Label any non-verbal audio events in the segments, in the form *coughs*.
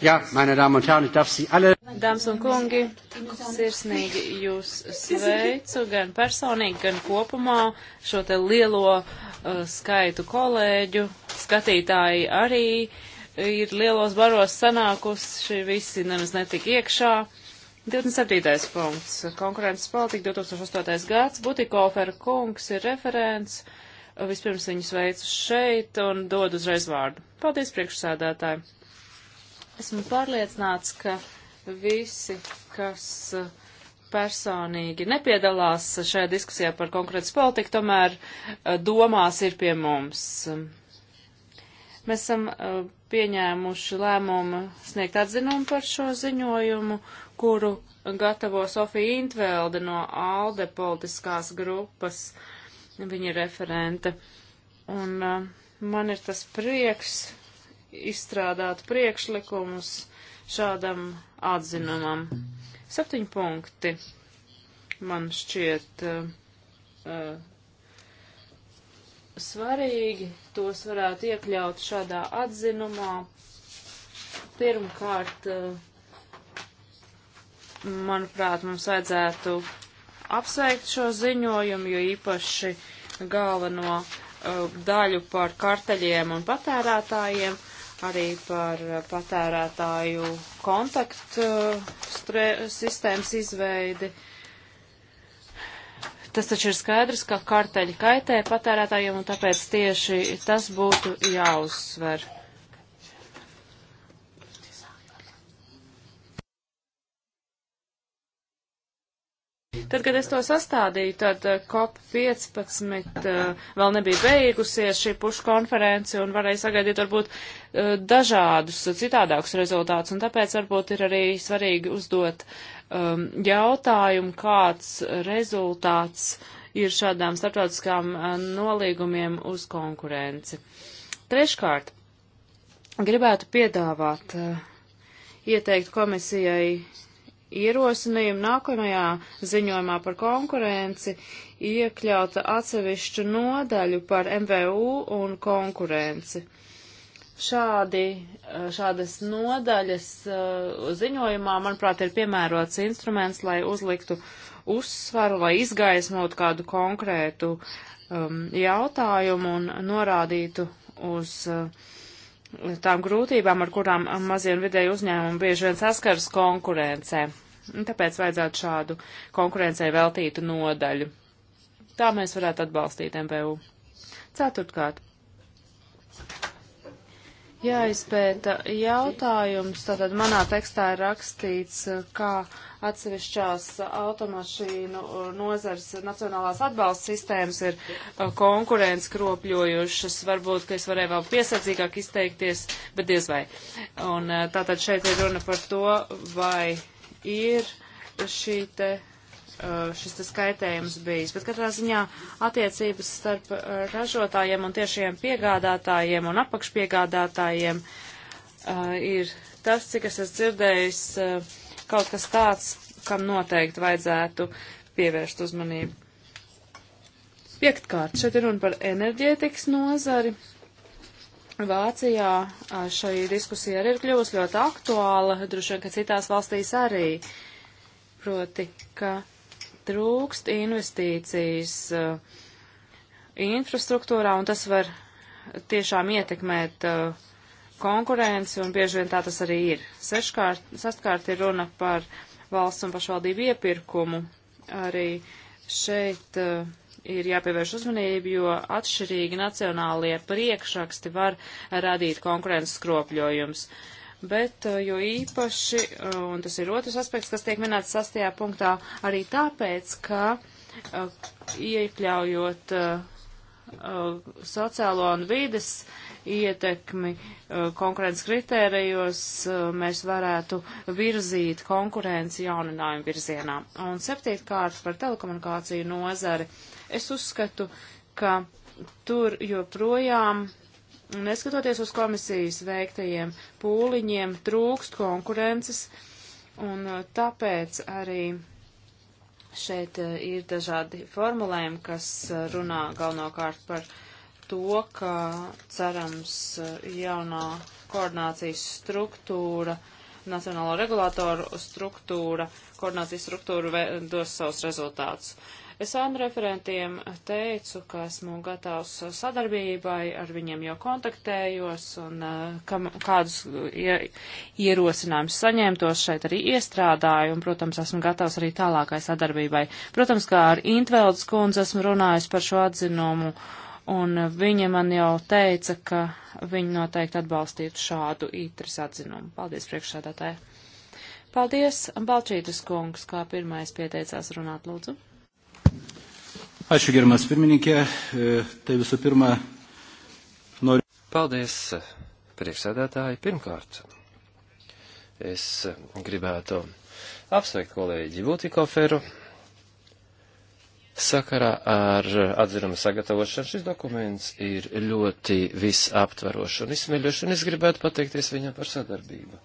Ja, meine Damen und Herren, ich darf Sie alle. Dāmas un kungi, sirsnīgi jūs sveicu gan personīgi, gan kopumā šo te lielo uh, skaitu kolēģu. Skatītāji arī ir lielos baros sanākusi, visi nemaz netika iekšā. 27. punkts. Konkurences politika 2008. gads. Butikofer kungs ir referents. Vispirms viņu sveicu šeit un dodu uzreiz vārdu. Paldies priekšsādātāji. Esmu pārliecināts, ka visi, kas eh, personīgi nepiedalās šajā diskusijā par konkrētas politiku, tomēr eh, domās ir pie mums. Mēs esam eh, pieņēmuši lēmumu sniegt atzinumu par šo ziņojumu, kuru gatavo Sofija Intvelde no ALDE politiskās grupas. Viņa ir referente. Un man ir tas prieks izstrādāt priekšlikumus šādam atzinumam. Septiņi punkti man šķiet uh, svarīgi, tos varētu iekļaut šādā atzinumā. Pirmkārt, uh, manuprāt, mums vajadzētu apsveikt šo ziņojumu, jo īpaši galveno uh, daļu par kartaļiem un patērētājiem arī par patērētāju kontaktu eh, sistēmas izveidi. Tas taču ir skaidrs, ka karteļi kaitē patērētājiem, un tāpēc tieši tas būtu jāuzsver. Tad, kad es to sastādīju, tad eh, COP15 eh, vēl nebija beigusies šī pušu konference un varēja sagaidīt varbūt eh, dažādus citādākus rezultātus, un tāpēc varbūt ir arī svarīgi uzdot um, jautājumu, kāds rezultāts ir šādām starptautiskām nolīgumiem uz konkurenci. Treškārt, gribētu piedāvāt, uh, ieteikt komisijai ierosinājumu nākamajā ziņojumā par konkurenci iekļauta atsevišķu nodaļu par MVU un konkurenci. Šādi, šādas nodaļas uh, ziņojumā, manuprāt, ir piemērots instruments, lai uzliktu uzsvaru, lai izgaismotu kādu konkrētu um, jautājumu un norādītu uz uh, tām grūtībām, ar kurām mazie un vidēji uzņēmumi bieži vien saskaras konkurencē. Tāpēc vajadzētu šādu konkurencei veltītu nodaļu. Tā mēs varētu atbalstīt MPU. Ceturtkārt, jāizpēta jautājums. Tātad manā tekstā ir rakstīts, kā atsevišķās automašīnu nozars nacionālās atbalsta sistēmas ir uh, konkurence kropļojušas. Varbūt, ka es varēju vēl piesardzīgāk izteikties, bet diez vai. Un uh, tātad šeit ir runa par to, vai ir šī te Eh, šis skaitējums bijis. Bet katrā ziņā attiecības starp eh, ražotājiem un tiešiem piegādātājiem un apakšpiegādātājiem uh, ir tas, cik es esmu dzirdējis, uh, kaut kas tāds, kam noteikti vajadzētu pievērst uzmanību. Piektkārt, šeit ir runa par enerģētikas nozari. Vācijā šī diskusija arī ir kļuvusi ļoti aktuāla, droši vien, ka citās valstīs arī. Proti, ka trūkst investīcijas uh, infrastruktūrā, un tas var tiešām ietekmēt uh, konkurenci, un bieži vien tā tas arī ir. Seškārt, sastkārt ir runa par valsts un pašvaldību iepirkumu. Arī šeit uh, ir jāpievērš uzmanība, jo atšķirīgi nacionālie priekšraksti var radīt konkurences skropļojums. Uh, bet eh, jo īpaši, eh, un tas ir otrs aspekts, kas tiek minēts sastajā punktā, arī tāpēc, ka eh, iekļaujot sociālo un vīdes ietekmi konkurences kritērijos, mēs varētu virzīt konkurenci jauninājumu virzienā. Un septītkārt par telekomunikāciju nozari. Es uzskatu, ka tur joprojām Neskatoties uz komisijas veiktajiem pūliņiem, trūkst konkurences, un uh, tāpēc arī šeit uh, ir dažādi formulējumi, kas uh, runā galvenokārt par to, ka cerams jaunā koordinācijas struktūra, nacionālo regulātoru struktūra, koordinācijas struktūra dos savus rezultātus. Uh, Es ēnu referentiem teicu, ka esmu gatavs sadarbībai, ar viņiem jau kontaktējos un eh, kam, kādus ierosinājumus saņēmtos šeit arī iestrādāju un, protams, esmu gatavs arī tālākai sadarbībai. Protams, kā ar Intveldes kundzi esmu runājis par šo atzinumu un viņa man jau teica, ka viņa noteikti atbalstītu šādu ītras atzinumu. Paldies priekšsādātāji. Paldies, Balčītis kungs, kā pirmais pieteicās runāt, lūdzu. Ačiū, gerbiamas pirmininkė. E, tai visų pirma, noriu. Paldies, priekšsēdētāji. Pirmkārt, es gribētu apsveikt kolēģi Būtikoferu sakarā ar atzinumu sagatavošanu. Šis dokuments ir ļoti visaptverošs un izsmeļošs, un es gribētu pateikties viņam par sadarbību.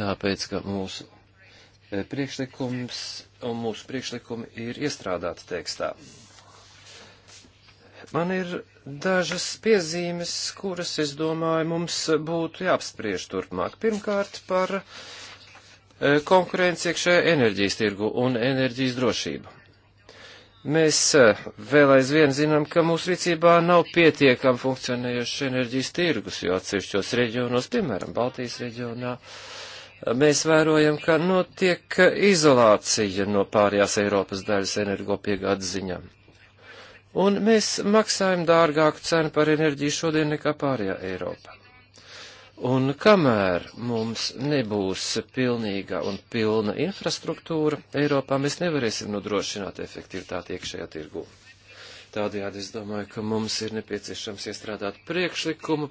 Tāpēc, ka mūsu priekšlikums un mūsu priekšlikumi ir iestrādāti tekstā. Man ir dažas piezīmes, kuras, es domāju, mums būtu jāapspriež turpmāk. Pirmkārt, par e, konkurenci iekšējā enerģijas tirgu un enerģijas drošību. Mēs e, vēl aizvien zinām, ka mūsu rīcībā nav pietiekami funkcionējuši enerģijas tirgus, jo atsevišķos reģionos, piemēram, Baltijas reģionā, uh, mēs vērojam, ka notiek izolācija no pārējās Eiropas daļas energopiegādes ziņā. Un mēs maksājam dārgāku cenu par enerģiju šodien nekā pārējā Eiropa. Un kamēr mums nebūs pilnīga un pilna infrastruktūra Eiropā, mēs nevarēsim nodrošināt efektivitāti iekšējā tirgū. Tādējādi es domāju, ka mums ir nepieciešams iestrādāt priekšlikumu,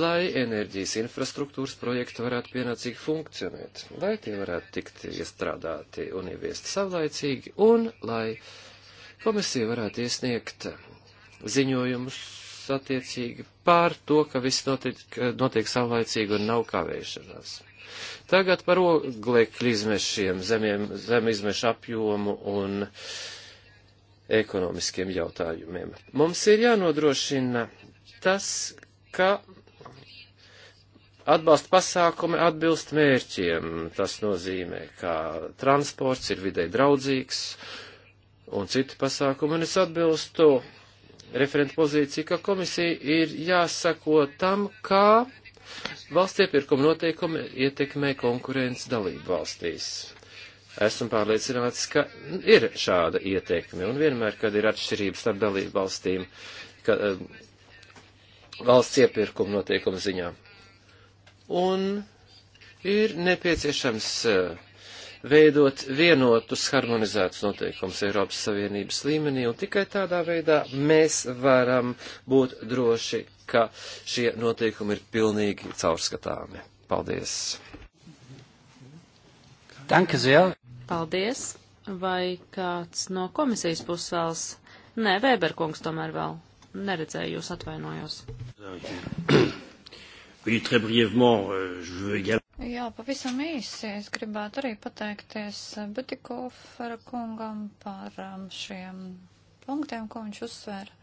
lai enerģijas infrastruktūras projekti varētu pienācīgi funkcionēt, lai tie varētu tikt iestrādāti un ieviest savlaicīgi, un lai komisija varētu iesniegt ziņojumus attiecīgi pār to, ka viss notiek, notiek savlaicīgi un nav kavēšanās. Tagad par oglekļu izmešiem, zemiem, zem izmešu apjomu un uh, ekonomiskiem jautājumiem. Mums ir jānodrošina tas, ka atbalsta pasākumi atbilst mērķiem. Tas nozīmē, ka transports ir videi draudzīgs un citi pasākumi, un es atbilstu referentu pozīciju, ka komisija ir jāsako tam, kā valsts iepirkuma noteikumi ietekmē konkurences dalību valstīs esmu pārliecināts, ka ir šāda ieteikme. Un vienmēr, kad ir atšķirības starp dalību valstīm, ka, um, valsts iepirkuma notiekuma ziņā. Un ir nepieciešams uh, veidot vienotus harmonizētus noteikumus Eiropas Savienības līmenī, un tikai tādā veidā mēs varam būt droši, ka šie noteikumi ir pilnīgi caurskatāmi. Paldies! Danke sehr. Paldies. Vai kāds no komisijas puses vēlas? Nē, Vēberkungs tomēr vēl. Neredzēju jūs, atvainojos. *coughs* Euh, Jā, pavisam īsi. Es gribētu arī pateikties Butikofera kungam par um, šiem punktiem, ko viņš uzsvēra.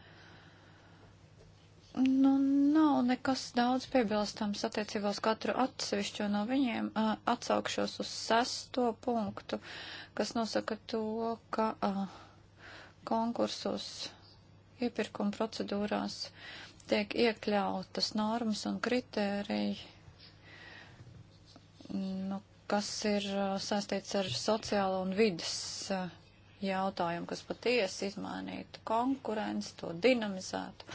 Nu, nav nekas daudz piebilstams attiecībā uz katru atsevišķo no viņiem. Uh, atsaukšos uz sesto punktu, kas nosaka to, ka uh, konkursos, iepirkuma procedūrās tiek iekļautas normas un kritēriji, nu, kas ir uh, saistīts ar sociālo un vidas. Uh, jautājumu, kas patiesi izmainītu konkurenci, to dinamizētu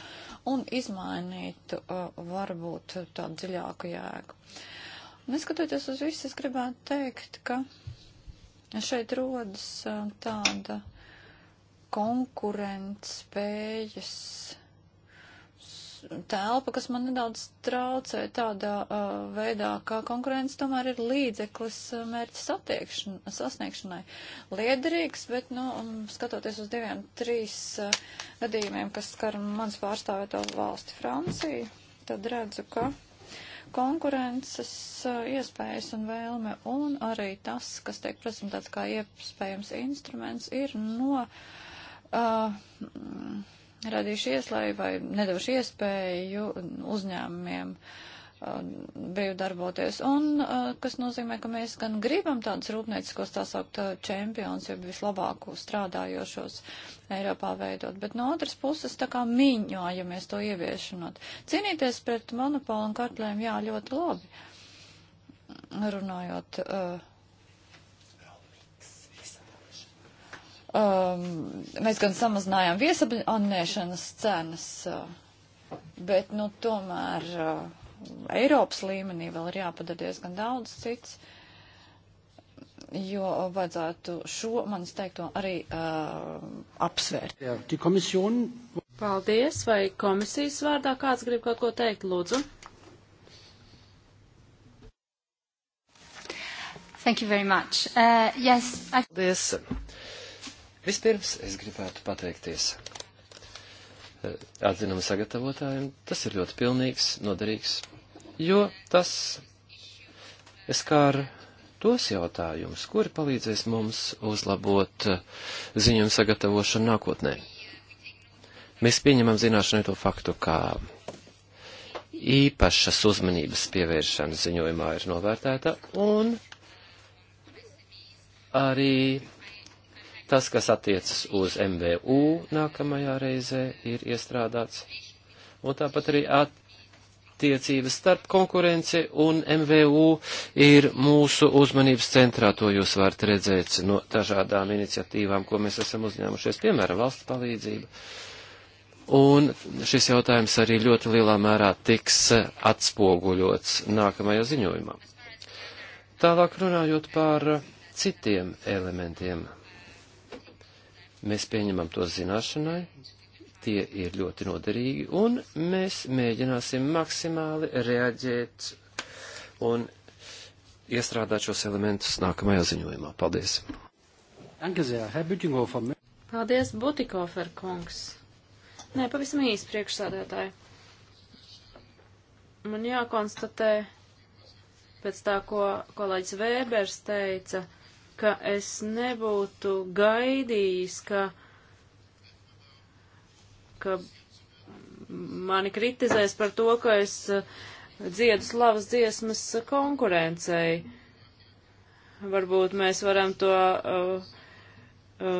un izmainītu uh, varbūt tādu dziļāku jēgu. Neskatoties uz visu, es gribētu teikt, ka šeit rodas uh, tāda konkurence spējas telpa, kas man nedaudz traucē tādā uh, veidā, ka konkurence tomēr ir līdzeklis uh, mērķa sasniegšanai. Liederīgs, bet, nu, um, skatoties uz diviem, trīs uh, gadījumiem, kas skar mans pārstāvēto valsti Franciju, tad redzu, ka konkurences uh, iespējas un vēlme un arī tas, kas tiek prezentēts kā iespējams instruments, ir no. Uh, radīšu ieslēju vai nedošu iespēju uzņēmumiem um, brīvi darboties. Un uh, kas nozīmē, ka mēs gan gribam tādus rūpnieciskos tā saukt uh, čempions, jo vislabāko strādājošos Eiropā veidot. Bet no otras puses tā kā mīņojamies to ieviešanot. Cīnīties pret monopolu un kartlēm, jā, ļoti labi. Runājot. Uh, um, mēs gan samazinājām viesabonēšanas cenas, uh, bet, nu, tomēr uh, Eiropas līmenī vēl ir jāpadara diezgan daudz cits, jo vajadzētu šo, manis teikto, arī uh, apsvērt. Jā, komision... Paldies, vai komisijas vārdā kāds grib kaut ko teikt, lūdzu? Thank you very much. Uh, yes, I... Paldies. Vispirms es gribētu pateikties eh, atzinumu sagatavotājiem. Tas ir ļoti pilnīgs, noderīgs, jo tas skār tos jautājumus, kuri palīdzēs mums uzlabot eh, ziņojumu sagatavošanu nākotnē. Mēs pieņemam zināšanai to faktu, ka īpašas uzmanības pievēršana ziņojumā ir novērtēta un arī Tas, kas attiecas uz MVU nākamajā reizē, ir iestrādāts. Un tāpat arī attiecības starp konkurenci un MVU ir mūsu uzmanības centrā. To jūs varat redzēt no dažādām iniciatīvām, ko mēs esam uzņēmušies, piemēram, valsts palīdzība. Un šis jautājums arī ļoti lielā mērā tiks atspoguļots nākamajā ziņojumā. Tālāk runājot par citiem elementiem Mēs pieņemam to zināšanai, tie ir ļoti noderīgi, un mēs mēģināsim maksimāli reaģēt un iestrādāt šos elementus nākamajā ziņojumā. Paldies! Paldies, Butikofer kungs! Nē, pavisam īsti priekšsādātāji. Man jākonstatē pēc tā, ko kolēģis Vēbers teica ka es nebūtu gaidījis, ka, ka mani kritizēs par to, ka es eh, dziedu slavas dziesmas konkurencei. Varbūt mēs varam to uh, uh,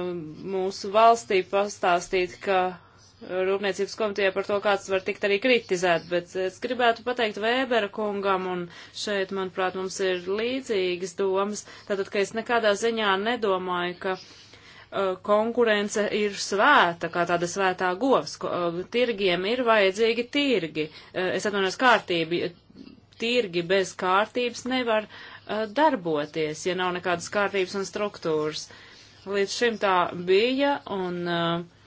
mūsu valstī pastāstīt, ka Rūpniecības komitejā par to, kāds var tikt arī kritizēt, bet es gribētu pateikt Vēbera kungam, un šeit, manuprāt, mums ir līdzīgas domas, tātad, ka es nekādā ziņā nedomāju, ka uh, konkurence ir svēta, kā tāda svētā govs. Uh, tirgiem ir vajadzīgi tirgi. Uh, es atvainojos kārtību. Tirgi bez kārtības nevar uh, darboties, ja nav nekādas kārtības un struktūras. Līdz šim tā bija, un uh,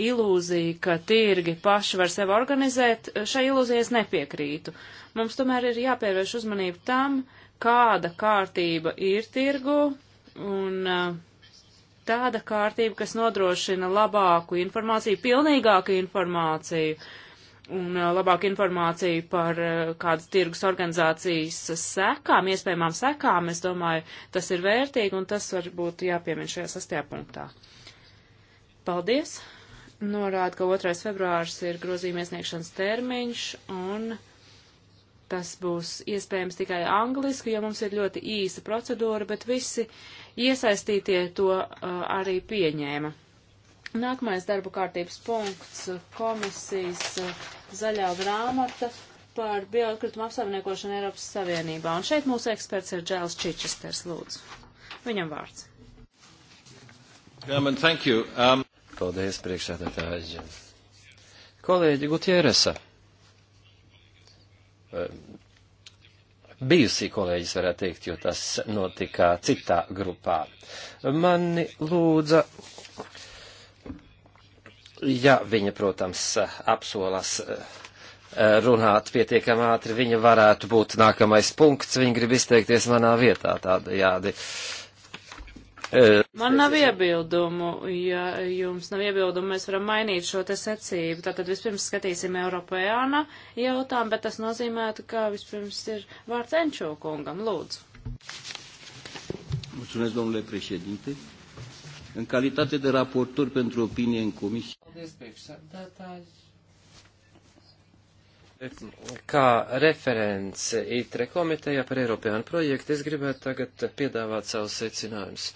ilūzija, ka tirgi paši var sevi organizēt, šai ilūzijai es nepiekrītu. Mums tomēr ir jāpievērš uzmanība tam, kāda kārtība ir tirgu un eh, tāda kārtība, kas nodrošina labāku informāciju, pilnīgāku informāciju un eh, labāku informāciju par eh, kādas tirgus organizācijas sekām, iespējamām sekām. Es domāju, tas ir vērtīgi un tas varbūt jāpiemina šajā sastajā punktā. Paldies! norāda, ka 2. februārs ir grozījuma iesniegšanas termiņš, un tas būs iespējams tikai angliski, jo mums ir ļoti īsa procedūra, bet visi iesaistītie to uh, arī pieņēma. Nākamais darba kārtības punkts - komisijas uh, zaļā grāmata par bioatkritumu apsaimniekošanu Eiropas Savienībā. Un šeit mūsu eksperts ir Džēls Čičisters, lūdzu. Viņam vārds. German, thank you. Um... Paldies, priekšsēdētāji. Kolēģi Gutieresa. Bijusī kolēģis varētu teikt, jo tas notika citā grupā. Mani lūdza ja viņa, protams, apsolas eh, runāt pietiekami ātri, viņa varētu būt nākamais punkts, viņa grib izteikties manā vietā tādajādi. Uh, Uh, Man nav iebildumu. Ja jums nav iebildumu, mēs varam mainīt šo te secību. Tātad vispirms skatīsim Eiropējāna jautājumu, bet tas nozīmētu, ka vispirms ir vārds Enčo kungam. Lūdzu. Mulțumesc, domnule președinte. În calitate de raportor pentru opinie în comisie. Kā referents ITRE komiteja par Eiropānu projektu, es gribētu tagad piedāvāt savus secinājumus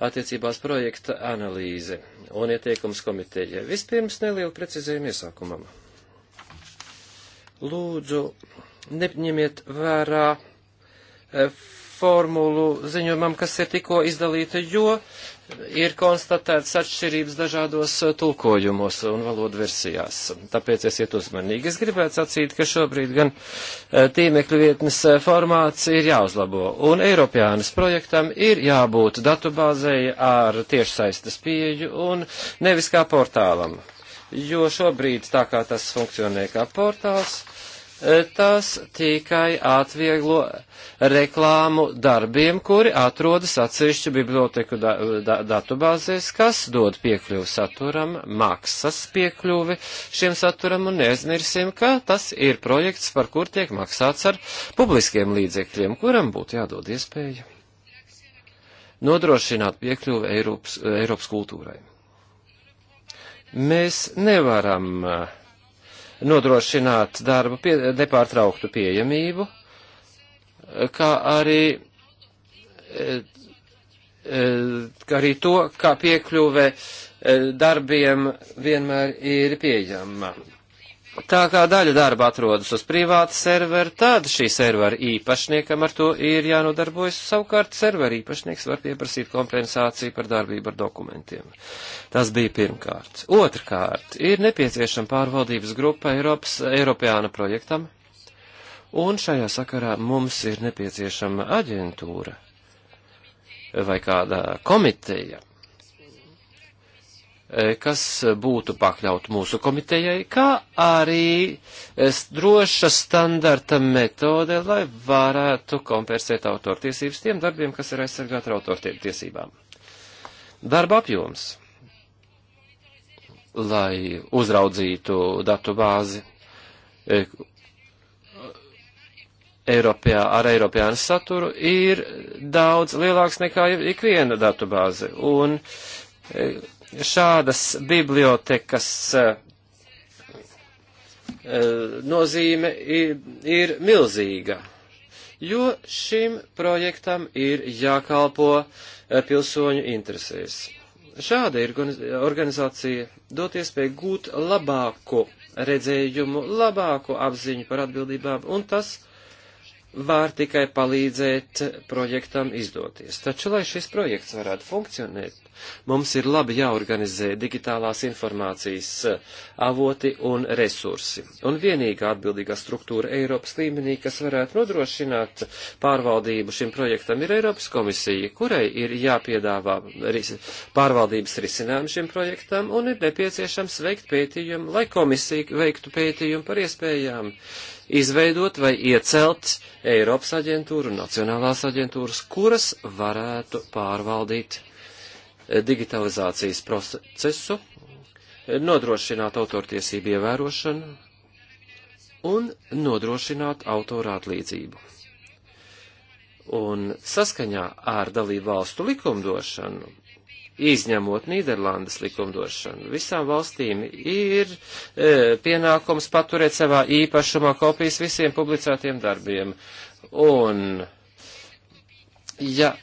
attiecībās projekta analīze un ieteikums komiteja. Vispirms nelielu precizējumu iesākumam. Lūdzu, neņemiet vērā eh, formulu ziņojumam, kas ir tikko izdalīta, jo ir konstatētas atšķirības dažādos uh, tulkojumos un valodu versijās. Tāpēc esiet uzmanīgi. Es gribētu sacīt, ka šobrīd gan uh, tīmekļu vietnes uh, formāts ir jāuzlabo, un Eiropjānas projektam ir jābūt datubāzei ar tiešsaistes pieeju un nevis kā portālam. Jo šobrīd tā kā tas funkcionē kā portāls, uh, tas tikai atvieglo reklāmu darbiem, kuri atrodas atsevišķu biblioteku da da datubāzēs, kas dod piekļuvu saturam, maksas piekļuvi šiem saturam un neaizmirsim, ka tas ir projekts, par kur tiek maksāts ar publiskiem līdzekļiem, kuram būtu jādod iespēja nodrošināt piekļuvi Eiropas, Eiropas kultūrai. Mēs nevaram uh, nodrošināt darba pie, nepārtrauktu pieejamību, kā arī, e, e, kā arī to, kā piekļuve e, darbiem vienmēr ir pieejama. Tā kā daļa darba atrodas uz privāta servera, tad šī servera īpašniekam ar to ir jānodarbojas. Savukārt servera īpašnieks var pieprasīt kompensāciju par darbību ar dokumentiem. Tas bija pirmkārt. Otrkārt, ir nepieciešama pārvaldības grupa Eiropas, Eiropāna projektam, un šajā sakarā mums ir nepieciešama aģentūra vai kāda komiteja E, kas būtu pakļaut mūsu komitejai, kā arī e, droša standarta metode, lai varētu kompensēt autortiesības tiem darbiem, kas ir aizsargāti ar autortiesībām. Darba apjoms, lai uzraudzītu datu bāzi e, Eiropijā ar Eiropijānu saturu, ir daudz lielāks nekā ikviena datu bāze. Un, šādas bibliotekas eh, eh, nozīme ir, ir milzīga, jo šim projektam ir jākalpo eh, pilsoņu interesēs. Šāda ir organizācija dot iespēju gūt labāku redzējumu, labāku apziņu par atbildībām, un tas var tikai palīdzēt projektam izdoties. Taču, lai šis projekts varētu funkcionēt, Mums ir labi jāorganizē digitālās informācijas eh, avoti un resursi. Un vienīgā atbildīgā struktūra Eiropas līmenī, kas varētu nodrošināt pārvaldību šim projektam, ir Eiropas komisija, kurai ir jāpiedāvā ris pārvaldības risinājumu šim projektam un ir nepieciešams veikt pētījumu, lai komisija veiktu pētījumu par iespējām izveidot vai iecelt Eiropas aģentūru, nacionālās aģentūras, kuras varētu pārvaldīt digitalizācijas procesu, nodrošināt autortiesību ievērošanu un nodrošināt autora atlīdzību. Un saskaņā ar dalību valstu likumdošanu, izņemot Nīderlandes likumdošanu, visām valstīm ir e, pienākums paturēt savā īpašumā kopijas visiem publicētiem darbiem. Un, ja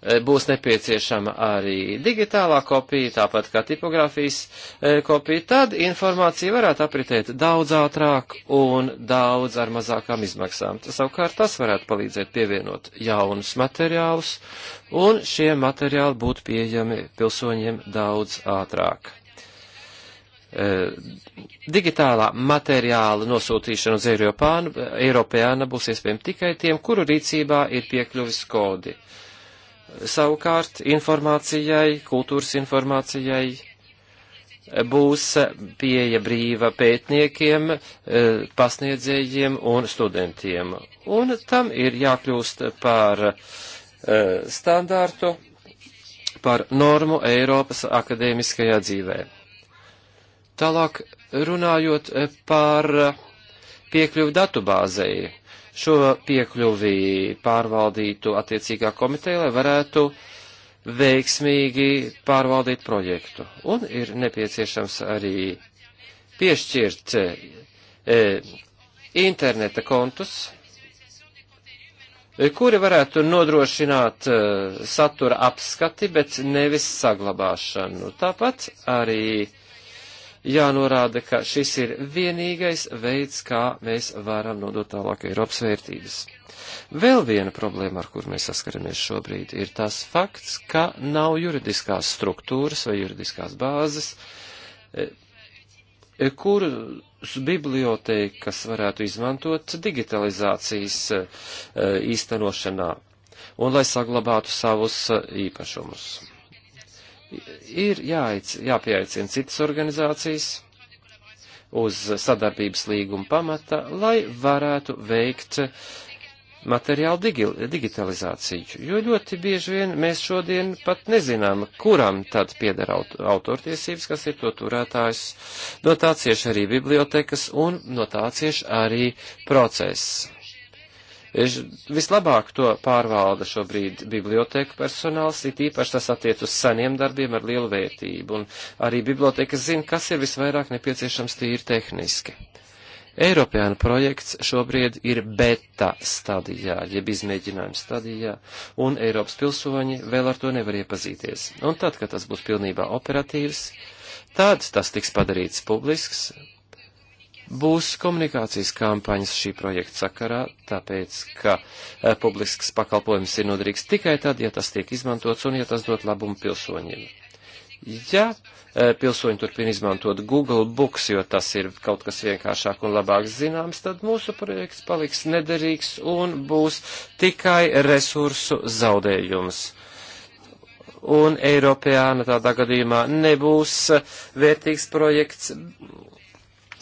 Eh, būs nepieciešama arī digitālā kopija, tāpat kā tipogrāfijas eh, kopija, tad informācija varētu apritēt daudz ātrāk un daudz ar mazākām izmaksām. Tas savukārt tas varētu palīdzēt pievienot jaunus materiālus, un šie materiāli būtu pieejami pilsoņiem daudz ātrāk. Eh, digitālā materiāla nosūtīšana uz Eiropānu, Eiropāna būs iespējama tikai tiem, kuru rīcībā ir piekļuvis kodi. Uh, savukārt informācijai, kultūras informācijai būs pieeja brīva pētniekiem, eh, pasniedzējiem un studentiem. Un tam ir jākļūst par eh, standārtu, par normu Eiropas akadēmiskajā dzīvē. Tālāk runājot eh, par piekļuvu datubāzei šo piekļuvi pārvaldītu attiecīgā komiteja, lai varētu veiksmīgi pārvaldīt projektu. Un ir nepieciešams arī piešķirt e, interneta kontus, e, kuri varētu nodrošināt e, satura apskati, bet nevis saglabāšanu. Tāpat arī jānorāda, ka šis ir vienīgais veids, kā mēs varam nodot tālāk Eiropas vērtības. Vēl viena problēma, ar kur mēs saskaramies šobrīd, ir tas fakts, ka nav juridiskās struktūras vai juridiskās bāzes, e, e, kurus bibliotēkas varētu izmantot digitalizācijas e, īstenošanā un lai saglabātu savus īpašumus ir jāic, jāpieaicina citas organizācijas uz sadarbības līguma pamata, lai varētu veikt materiālu digi digitalizāciju, jo ļoti bieži vien mēs šodien pat nezinām, kuram tad pieder aut autortiesības, kas ir to turētājs, no tā cieši arī bibliotekas un no tā cieši arī process. Vislabāk to pārvalda šobrīd biblioteka personāls, it īpaši tas attiec uz seniem darbiem ar lielu vērtību, un arī biblioteka zina, kas ir visvairāk nepieciešams tīri tehniski. Eiropēna projekts šobrīd ir beta stadijā, jeb izmēģinājuma stadijā, un Eiropas pilsoņi vēl ar to nevar iepazīties. Un tad, kad tas būs pilnībā operatīvs, tad tas tiks padarīts publisks, Būs komunikācijas kampaņas šī projekta sakarā, tāpēc, ka e, publisks pakalpojums ir noderīgs tikai tad, ja tas tiek izmantots un ja tas dot labumu pilsoņiem. Ja e, pilsoņi turpina izmantot Google Books, jo tas ir kaut kas vienkāršāk un labāk zināms, tad mūsu projekts paliks nederīgs un būs tikai resursu zaudējums un Eiropēāna tādā gadījumā nebūs eh, vērtīgs projekts,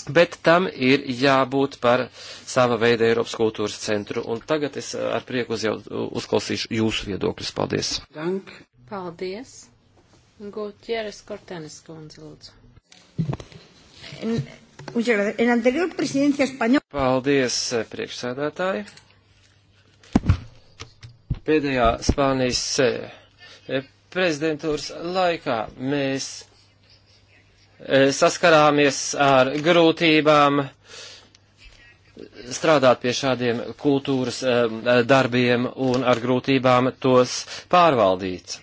Bet tam ir jābūt par sava veida Eiropas kultūras centru. Un tagad es ar prieku uz jau, uzklausīšu jūsu viedokļus. Paldies. Dank. Paldies. Gutieres Kortenes kundze, lūdzu. En, en anterior presidencia española. Paldies, priekšsēdētāji. Pēdējā Spānijas eh, prezidentūras laikā mēs Eh, saskarāmies ar grūtībām strādāt pie šādiem kultūras eh, darbiem un ar grūtībām tos pārvaldīt.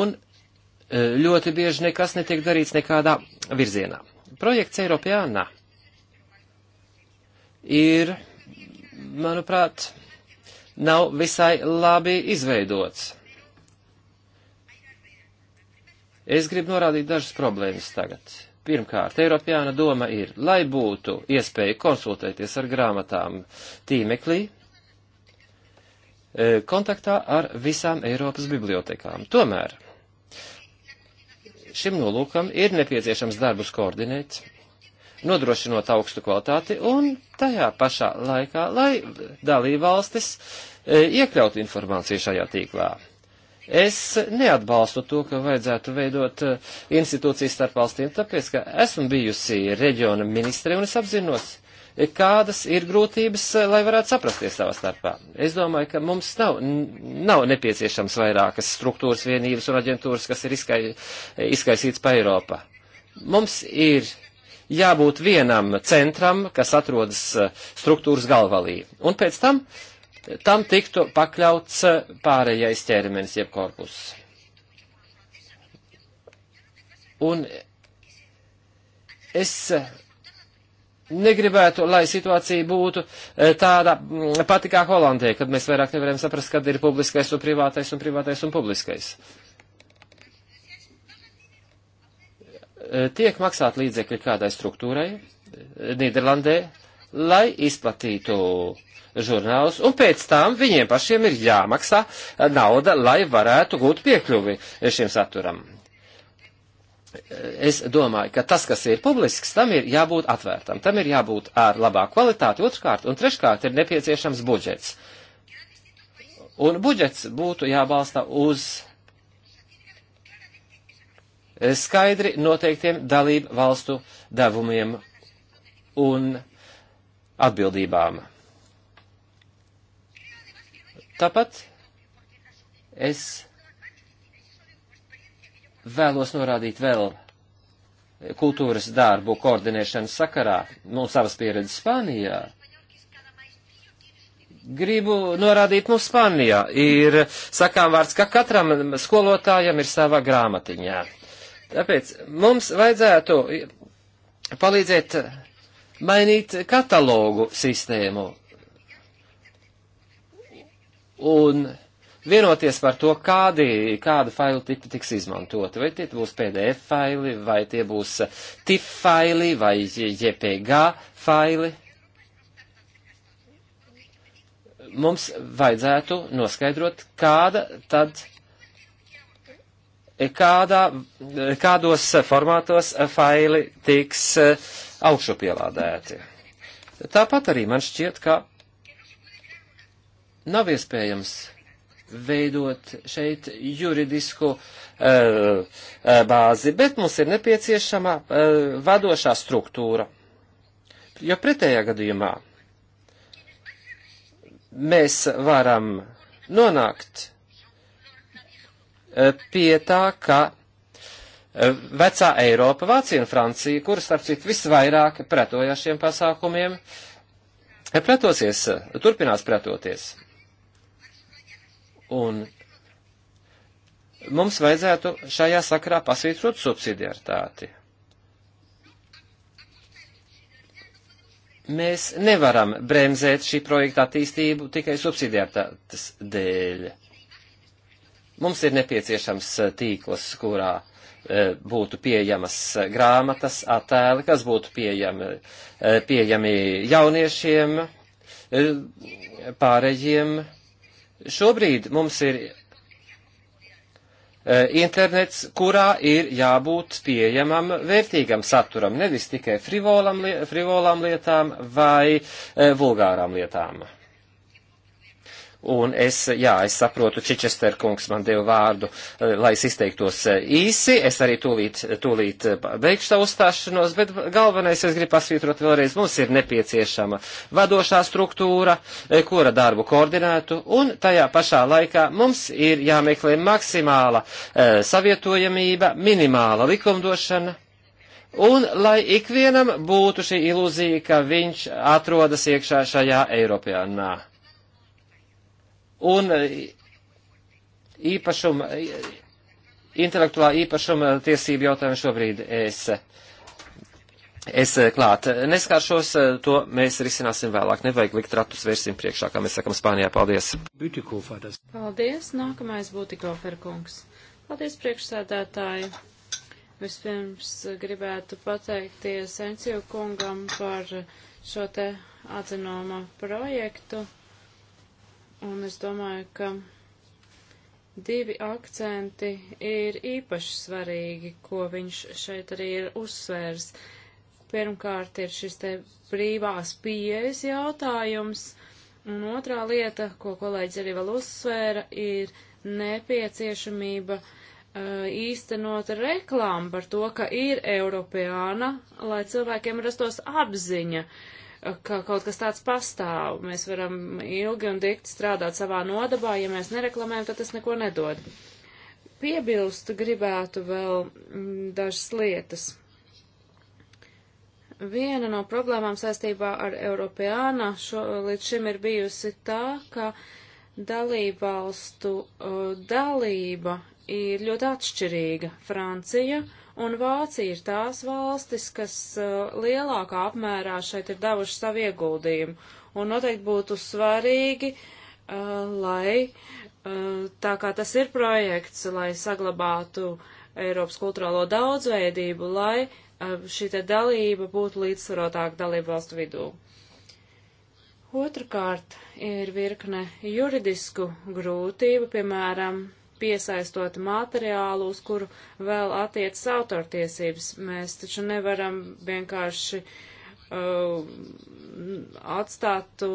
Un eh, ļoti bieži nekas netiek darīts nekādā virzienā. Projekts Eiropānā ir, manuprāt, nav visai labi izveidots. Es gribu norādīt dažas problēmas tagad. Pirmkārt, Eiropāna doma ir, lai būtu iespēja konsultēties ar grāmatām tīmeklī, eh, kontaktā ar visām Eiropas bibliotekām. Tomēr šim nolūkam ir nepieciešams darbus koordinēt, nodrošinot augstu kvalitāti un tajā pašā laikā, lai dalībvalstis eh, iekļautu informāciju šajā tīklā. Es neatbalstu to, ka vajadzētu veidot eh, institūcijas starp valstīm, tāpēc, ka esmu bijusi reģiona ministre un es apzinos, eh, kādas ir grūtības, eh, lai varētu saprasties savā starpā. Es domāju, ka mums nav, nav nepieciešams vairākas struktūras vienības un aģentūras, kas ir izkai, izkaisīts pa Eiropā. Mums ir jābūt vienam centram, kas atrodas struktūras galvalī. Un pēc tam tam tiktu pakļauts eh, pārējais ķermenis, jeb korpus. Un es eh, negribētu, lai situācija būtu eh, tāda mm, pati kā Holandē, kad mēs vairāk nevaram saprast, kad ir publiskais un privātais un privātais un publiskais. Tiek maksāt līdzekļi kādai struktūrai Nīderlandē, lai izplatītu uh, žurnālus, un pēc tam viņiem pašiem ir jāmaksā nauda, lai varētu gūt piekļuvi šiem saturam. Es domāju, ka tas, kas ir publisks, tam ir jābūt atvērtam, tam ir jābūt ar labāku kvalitāti otrkārt, un treškārt ir nepieciešams budžets. Un budžets būtu jābalsta uz skaidri noteiktiem dalību valstu devumiem un atbildībām. Tāpat es vēlos norādīt vēl kultūras darbu koordinēšanas sakarā no nu, savas pieredzes Spānijā. Gribu norādīt mums nu, Spānijā. Ir sakām vārds, ka katram skolotājam ir sava grāmatiņā. Tāpēc mums vajadzētu palīdzēt mainīt katalogu sistēmu un vienoties par to, kādi, kāda failu tipa tiks izmantota. Vai tie būs PDF faili, vai tie būs TIF faili, vai JPG faili. Mums vajadzētu noskaidrot, kāda tad, kādā, kādos formātos faili tiks augšupielādēti. Tāpat arī man šķiet, ka Nav iespējams veidot šeit juridisku uh, bāzi, bet mums ir nepieciešama uh, vadošā struktūra. Jo pretējā gadījumā mēs varam nonākt pie tā, ka vecā Eiropa, Vācija un Francija, kuras, starp citu, visvairāk pretojās šiem pasākumiem, pretosies, turpinās pretoties. Un mums vajadzētu šajā sakrā pasvītrot subsidiartāti. Mēs nevaram bremzēt šī projekta attīstību tikai subsidiartātes dēļ. Mums ir nepieciešams tīkls, kurā e, būtu pieejamas grāmatas, attēli, kas būtu pieejami, e, pieejami jauniešiem, e, pārējiem Šobrīd mums ir e, internets, kurā ir jābūt pieejamam vērtīgam saturam, nevis tikai frivolam, li frivolām lietām vai e, vulgārām lietām. Un es, jā, es saprotu, Čičester kungs man deva vārdu, eh, lai es izteiktos eh, īsi. Es arī tūlīt, eh, tūlīt beigšu savu uzstāšanos, bet galvenais es gribu pasvītrot vēlreiz. Mums ir nepieciešama vadošā struktūra, kura darbu koordinētu, un tajā pašā laikā mums ir jāmeklē maksimāla eh, savietojamība, minimāla likumdošana, Un lai ikvienam būtu šī ilūzija, ka viņš atrodas iekšā šajā Eiropā un e, īpašuma, e, intelektuālā īpašuma tiesību jautājumu šobrīd es, es klāt. Neskāršos, e, to mēs risināsim vēlāk. Nevajag likt ratus vērsim priekšā, kā mēs sakam Spānijā. Paldies. Paldies. Nākamais būtu Goferkungs. Paldies, priekšsēdētāji. Vispirms gribētu pateikties Enciju kungam par šo te atzinoma projektu Un es domāju, ka divi akcenti ir īpaši svarīgi, ko viņš šeit arī ir uzsvērs. Pirmkārt ir šis te brīvās pieejas jautājums, un otrā lieta, ko kolēģis arī vēl uzsvēra, ir nepieciešamība uh, īstenot reklāmu par to, ka ir Eiropāna, lai cilvēkiem rastos apziņa. Uh, ka kaut kas tāds pastāv. Mēs varam ilgi un dikti strādāt savā nodabā, ja mēs nereklamējam, tad tas neko nedod. Piebilst gribētu vēl mm, dažas lietas. Viena no problēmām saistībā ar Eiropāna līdz šim ir bijusi tā, ka dalībvalstu uh, dalība ir ļoti atšķirīga. Francija uh, un Vācija ir tās valstis, kas uh, lielākā apmērā šeit ir devuši savu ieguldījumu. Un noteikti būtu svarīgi, uh, lai uh, tā kā tas ir projekts, lai saglabātu Eiropas kultūrālo daudzveidību, lai šī te dalība būtu līdzsvarotāka dalību valstu vidū. Otrakārt ir virkne juridisku grūtību, piemēram, piesaistot materiālu, uz kuru vēl attiecas autortiesības. Mēs taču nevaram vienkārši uh, atstāt to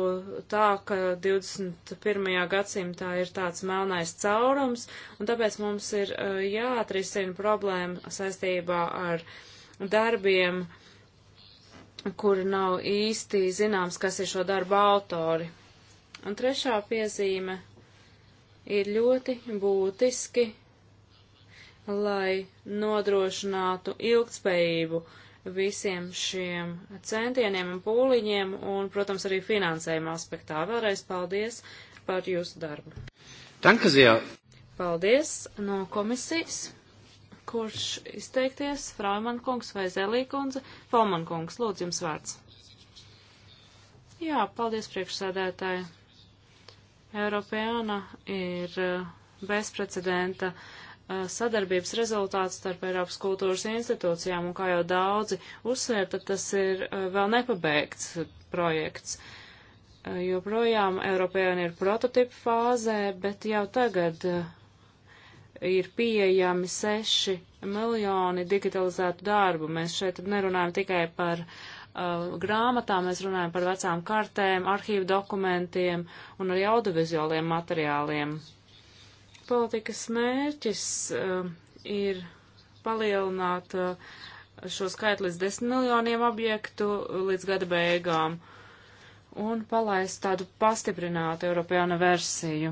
tā, ka 21. gadsimtā ir tāds melnais caurums, un tāpēc mums ir uh, jāatrisina problēma saistībā ar darbiem, kuri nav īsti zināms, kas ir šo darbu autori. Un trešā piezīme ir ļoti būtiski, lai nodrošinātu ilgtspējību visiem šiem centieniem un pūliņiem un, protams, arī finansējuma aspektā. Vēlreiz paldies par jūsu darbu. Tankazijā. Paldies no komisijas. Kurš izteikties? Frauman kungs vai Zelī kundze? Falman kungs, lūdzu jums vārds. Jā, paldies priekšsēdētāji. Eiropēna ir eh, bezprecedenta eh, sadarbības rezultāts starp Eiropas kultūras institūcijām, un kā jau daudzi uzsver, tad tas ir eh, vēl nepabeigts projekts. Joprojām Eiropēna ir prototipu fāzē, bet jau tagad ir pieejami 6 miljoni digitalizētu darbu. Mēs šeit nerunājam tikai par uh, uh, grāmatām, mēs runājam par vecām kartēm, arhīvu dokumentiem un arī audiovizuāliem materiāliem. Politikas mērķis uh, ir palielināt uh, šo skaitu līdz 10 miljoniem objektu uh, līdz gada beigām un palaist tādu pastiprinātu Eiropāna versiju.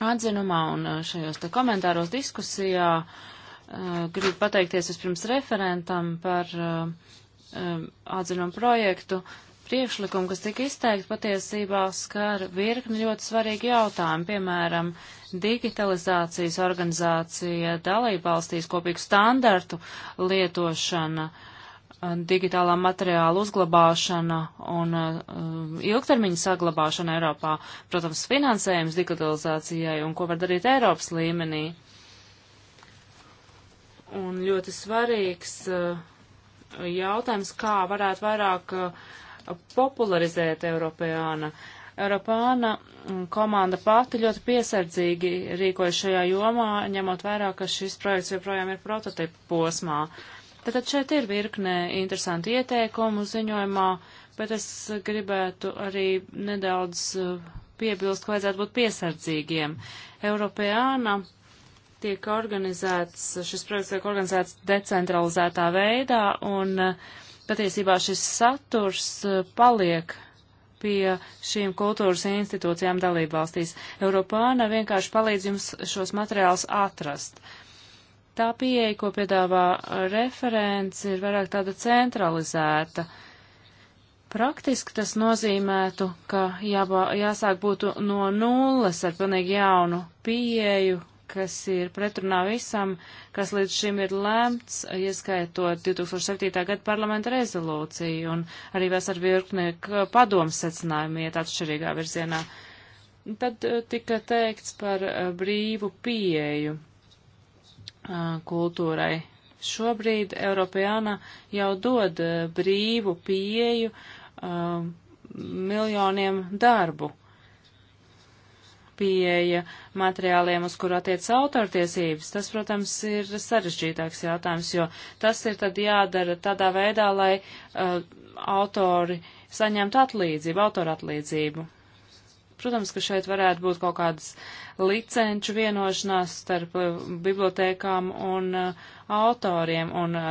Atzinumā un uh, šajos te komentāros diskusijā uh, gribu pateikties vispirms referentam par uh, um, atzinumu projektu, priekšlikumu, kas tika izteikti patiesībā skar virkni ļoti svarīgi jautājumi, piemēram, digitalizācijas organizācija, dalībvalstīs kopīgu standartu lietošana, um, digitālā materiāla uzglabāšana un um, ilgtermiņa saglabāšana Eiropā, protams, finansējums digitalizācijai un ko var darīt Eiropas līmenī. Un ļoti svarīgs uh, jautājums, kā varētu vairāk uh, popularizēt Eiropāna. Eiropāna mm, komanda pati ļoti piesardzīgi rīkojas šajā jomā, ņemot vairāk, ka šis projekts joprojām ir prototipu posmā. Tātad šeit ir virkne interesanti ieteikumu ziņojumā, bet es gribētu arī nedaudz uh, piebilst, ka vajadzētu būt piesardzīgiem. Eiropāna tiek organizēts, šis projekts tiek organizēts decentralizētā veidā, un eh, patiesībā šis saturs eh, paliek pie šīm kultūras institūcijām dalībvalstīs. Europāna vienkārši palīdz jums šos materiālus atrast. Tā pieeja, ko piedāvā referents, ir vairāk tāda centralizēta. Praktiski tas nozīmētu, ka jābā, jāsāk būtu no nulles ar pilnīgi jaunu pieeju, kas ir pretrunā visam, kas līdz šim ir lēmts, ieskaitot 2007. gada parlamenta rezolūciju un arī vēl ar virkni padomu secinājumu iet atšķirīgā virzienā. Tad eh, tika teikts par eh, brīvu pieeju eh, kultūrai. Šobrīd Eiropāna jau dod brīvu pieeju miljoniem darbu pieeja materiāliem, uz kur attiec autortiesības. Tas, protams, ir sarežģītāks jautājums, jo tas ir tad jādara tādā veidā, lai uh, autori saņemtu atlīdzību, autoru atlīdzību. Protams, ka šeit varētu būt kaut kādas licenču vienošanās starp uh, bibliotēkām un uh, autoriem un uh,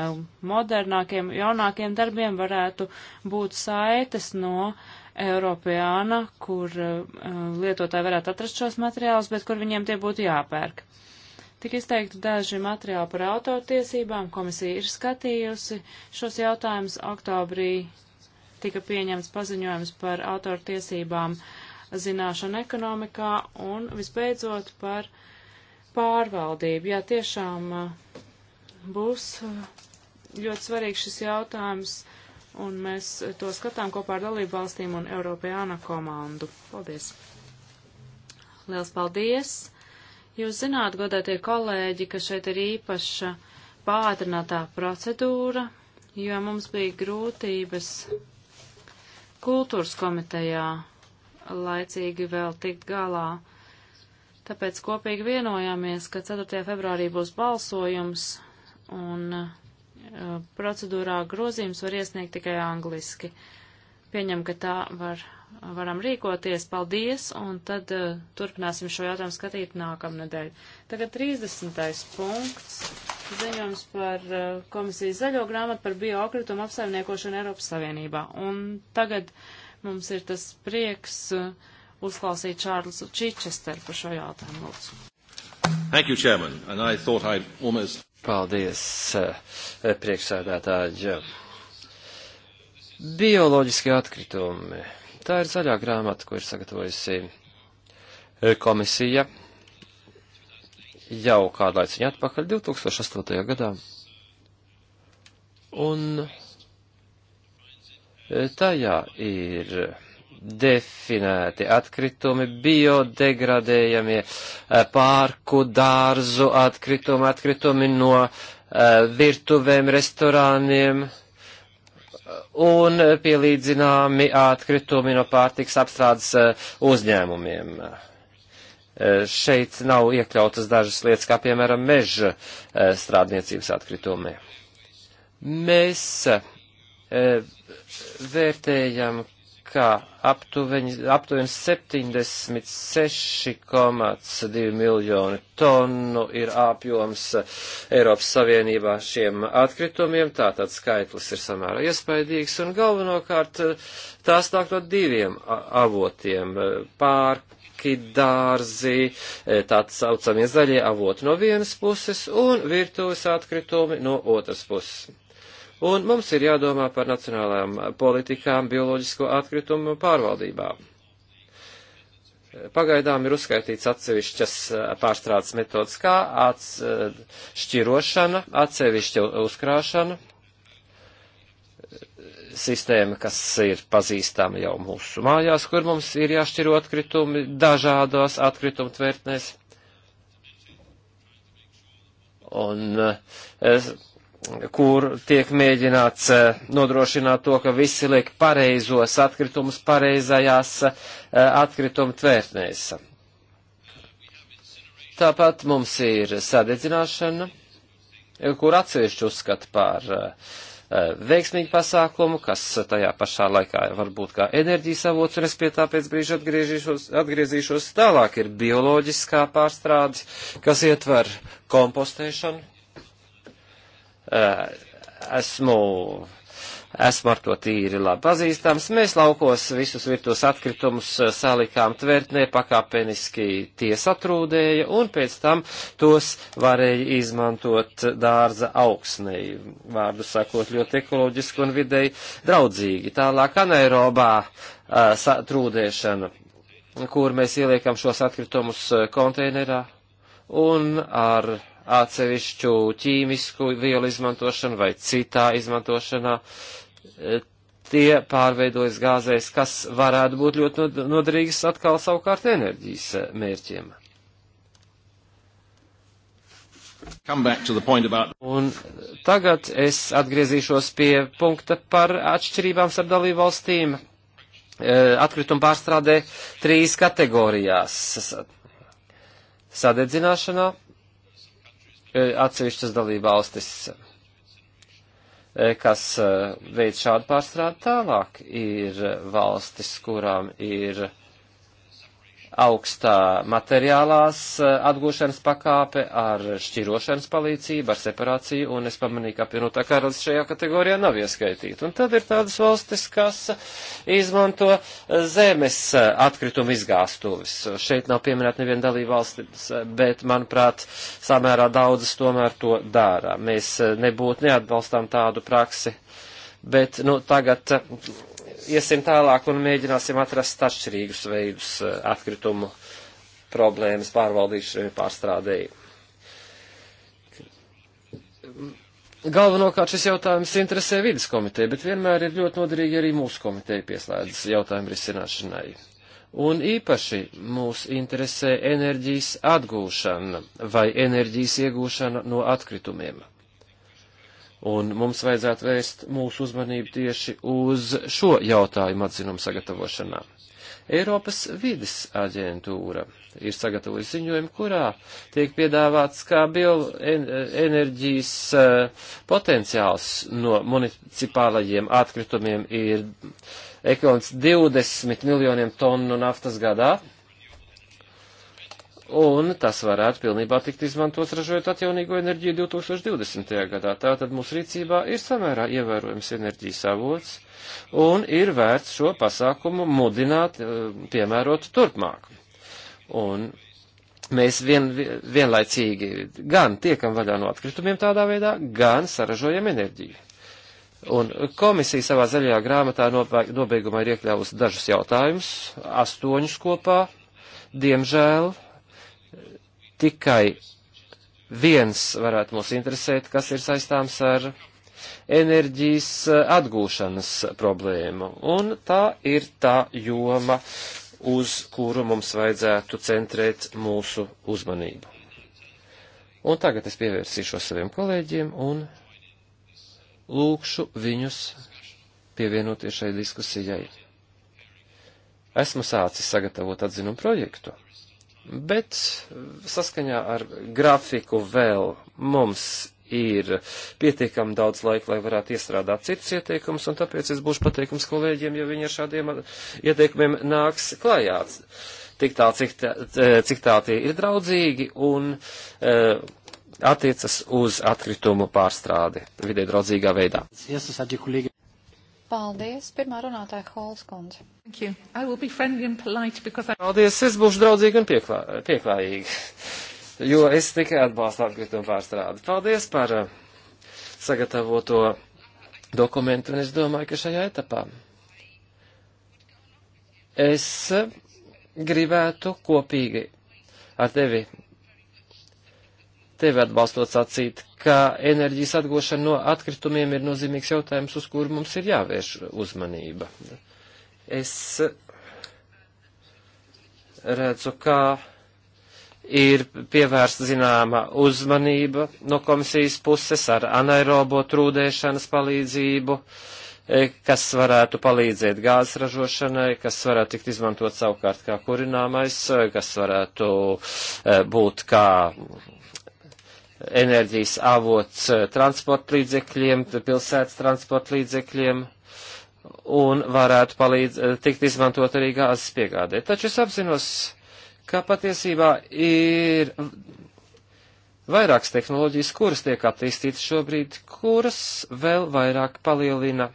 modernākiem, jaunākiem darbiem varētu būt saites no uh, Eiropāna, kur eh, lietotāji varētu atrast šos materiālus, bet kur viņiem tie būtu jāpērk. Tik izteikti daži materiāli par autortiesībām. Komisija ir skatījusi šos jautājumus. Oktobrī tika pieņemts paziņojums par autortiesībām zināšanu ekonomikā un visbeidzot par pārvaldību. Jā, tiešām eh, būs eh, ļoti svarīgs šis jautājums. Uh, un mēs to skatām kopā ar dalību valstīm un Eiropēāna komandu. Paldies! Liels paldies! Jūs zināt, godētie kolēģi, ka šeit ir īpaša pātrinātā procedūra, jo mums bija grūtības kultūras komitejā laicīgi vēl tikt galā. Tāpēc kopīgi vienojāmies, ka 4. februārī būs balsojums un uh, Eh, procedūrā grozījums var iesniegt tikai angliski. Pieņem, ka tā var, varam rīkoties. Paldies, un tad uh, turpināsim šo jautājumu skatīt nākamnedēļ. Tagad 30. punkts. Ziņojums par uh, komisijas zaļo grāmatu par bioakritumu apsaimniekošanu Eiropas Savienībā. Un tagad mums ir tas prieks uh, uzklausīt Čārlzu Čičesteru par šo jautājumu. Lūdzu. Thank you, Chairman. And I thought I'd almost Paldies, eh, priekšsēdētāji. Bioloģiski atkritumi. Tā ir zaļā grāmata, ko ir sagatavojusi eh, komisija jau kādu laiciņu atpakaļ, 2008. gadā. Un eh, tajā ir definēti atkritumi, biodegradējamie eh, pārku, dārzu atkritumi, atkritumi no eh, virtuvēm, restorāniem eh, un pielīdzināmi atkritumi no pārtiks apstrādes uzņēmumiem. Šeit nav iekļautas dažas lietas, kā piemēram meža strādniecības atkritumi. Mēs vērtējam, ka aptuveni, aptuveni 76,2 miljoni tonu ir apjoms Eiropas Savienībā šiem atkritumiem, tātad skaitlis ir samērā iespaidīgs, un galvenokārt eh, tās nāk no diviem avotiem - pārki, dārzi, e, tā saucamie zaļie avoti no vienas puses, un virtuves atkritumi no otras puses un mums ir jādomā par nacionālām politikām bioloģisko atkritumu pārvaldībā. Pagaidām ir uzskaitīts atsevišķas eh, pārstrādes metodas, kā atšķirošana, atsevišķa uzkrāšana, sistēma, kas ir pazīstama jau mūsu mājās, kur mums ir jāšķiro atkritumi dažādos atkritumu tvertnēs. Un eh, kur tiek mēģināts eh, nodrošināt to, ka visi liek pareizos atkritumus pareizajās eh, atkrituma tvērtnēs. Tāpat mums ir sadedzināšana, eh, kur atsevišķi uzskata par veiksmīgu pasākumu, kas tajā pašā laikā var būt kā enerģijas avots, un es pie tā pēc brīža atgriezīšos, atgriezīšos. Tālāk ir bioloģiskā pārstrāde, kas ietver kompostēšanu, Eh, esmu esmu ar to tīri labi pazīstams. Mēs laukos visus virtuos atkritumus eh, salikām tvertnē, pakāpeniski tie satrūdēja, un pēc tam tos varēja izmantot dārza augsnē, vārdu sakot, ļoti ekoloģiski un videi draudzīgi. Tālāk anaerobā eh, satrūdēšana, kur mēs ieliekam šos atkritumus konteinerā un ar atsevišķu ķīmisku vielu izmantošanu vai citā izmantošanā, e, tie pārveidojas gāzēs, kas varētu būt ļoti noderīgas atkal savukārt enerģijas e, mērķiem. About... Un tagad es atgriezīšos pie punkta par atšķirībām starp dalību valstīm e, atkrituma pārstrādē trīs kategorijās. Sadedzināšanā, E, atsevišķas dalībvalstis, e, kas e, veic šādu pārstrādi tālāk, ir valstis, kurām ir augstā materiālās eh, atgūšanas pakāpe ar šķirošanas palīdzību, ar separāciju, un es pamanīju, ka apvienotā karalis šajā kategorijā nav ieskaitīta. Un tad ir tādas valstis, kas eh, izmanto eh, zemes atkritumu izgāstuvis. Šeit nav pieminēta neviena dalība valstis, bet, manuprāt, samērā daudzas tomēr to dara. Mēs nebūtu neatbalstām tādu praksi, bet, nu, tagad iesim tālāk un mēģināsim atrast atšķirīgus veidus eh, atkritumu problēmas pārvaldīšanai pārstrādēji. Galvenokārt šis jautājums interesē vidas komiteju, bet vienmēr ir ļoti noderīgi arī mūsu komiteju pieslēdzas jautājumu risināšanai. Un īpaši mūs interesē enerģijas atgūšana vai enerģijas iegūšana no atkritumiem. Un mums vajadzētu vērst mūsu uzmanību tieši uz šo jautājumu atzinumu sagatavošanā. Eiropas vides aģentūra ir sagatavojusi ziņojumu, kurā tiek piedāvāts kā bioenerģijas eh, potenciāls no municipālajiem atkritumiem ir ekvivalents 20 miljoniem tonu naftas gadā un tas varētu pilnībā tikt izmantots ražojot atjaunīgo enerģiju 2020. gadā. Tātad mūsu rīcībā ir samērā ievērojams enerģijas avots, un ir vērts šo pasākumu mudināt, eh, piemērot turpmāk. Un mēs vien, vienlaicīgi gan tiekam vaļā no atkritumiem tādā veidā, gan saražojam enerģiju. Un komisija savā zaļajā grāmatā nobeigumā ir iekļāvusi dažus jautājumus, astoņus kopā, diemžēl tikai viens varētu mūs interesēt, kas ir saistāms ar enerģijas eh, atgūšanas problēmu. Un tā ir tā joma, uz kuru mums vajadzētu centrēt mūsu uzmanību. Un tagad es pievērsīšos saviem kolēģiem un lūkšu viņus pievienoties šai diskusijai. Esmu sācis sagatavot atzinu projektu Bet saskaņā ar grafiku vēl mums ir pietiekami daudz laika, lai varētu iestrādāt citus ieteikumus, un tāpēc es būšu pateikums kolēģiem, ja viņi ar šādiem ieteikumiem nāks klajāts. Tik tā, cik tā, cik tā tie ir draudzīgi un e, attiecas uz atkritumu pārstrādi vidē draudzīgā veidā. Paldies. Pirmā runātāja Holskundze. Paldies. Es būšu draudzīgi un pieklā, pieklājīgi, jo es tikai atbalstu atkritumu pārstrādi. Paldies par eh, sagatavoto dokumentu, un es domāju, ka šajā etapā es eh, gribētu kopīgi ar tevi tevi atbalstot sacīt, ka enerģijas atgošana no atkritumiem ir nozīmīgs jautājums, uz kuru mums ir jāvērš uzmanība. Es redzu, kā ir pievērsta zināma uzmanība no komisijas puses ar anaerobo trūdēšanas palīdzību, e, kas varētu palīdzēt gāzes ražošanai, kas varētu tikt izmantot savukārt kā kurināmais, e, kas varētu e, būt kā enerģijas avots eh, transporta līdzekļiem, pilsētas transporta līdzekļiem un varētu palīdz, eh, tikt izmantot arī gāzes piegādē. Taču es apzinos, ka patiesībā ir vairākas tehnoloģijas, kuras tiek attīstītas šobrīd, kuras vēl vairāk palielina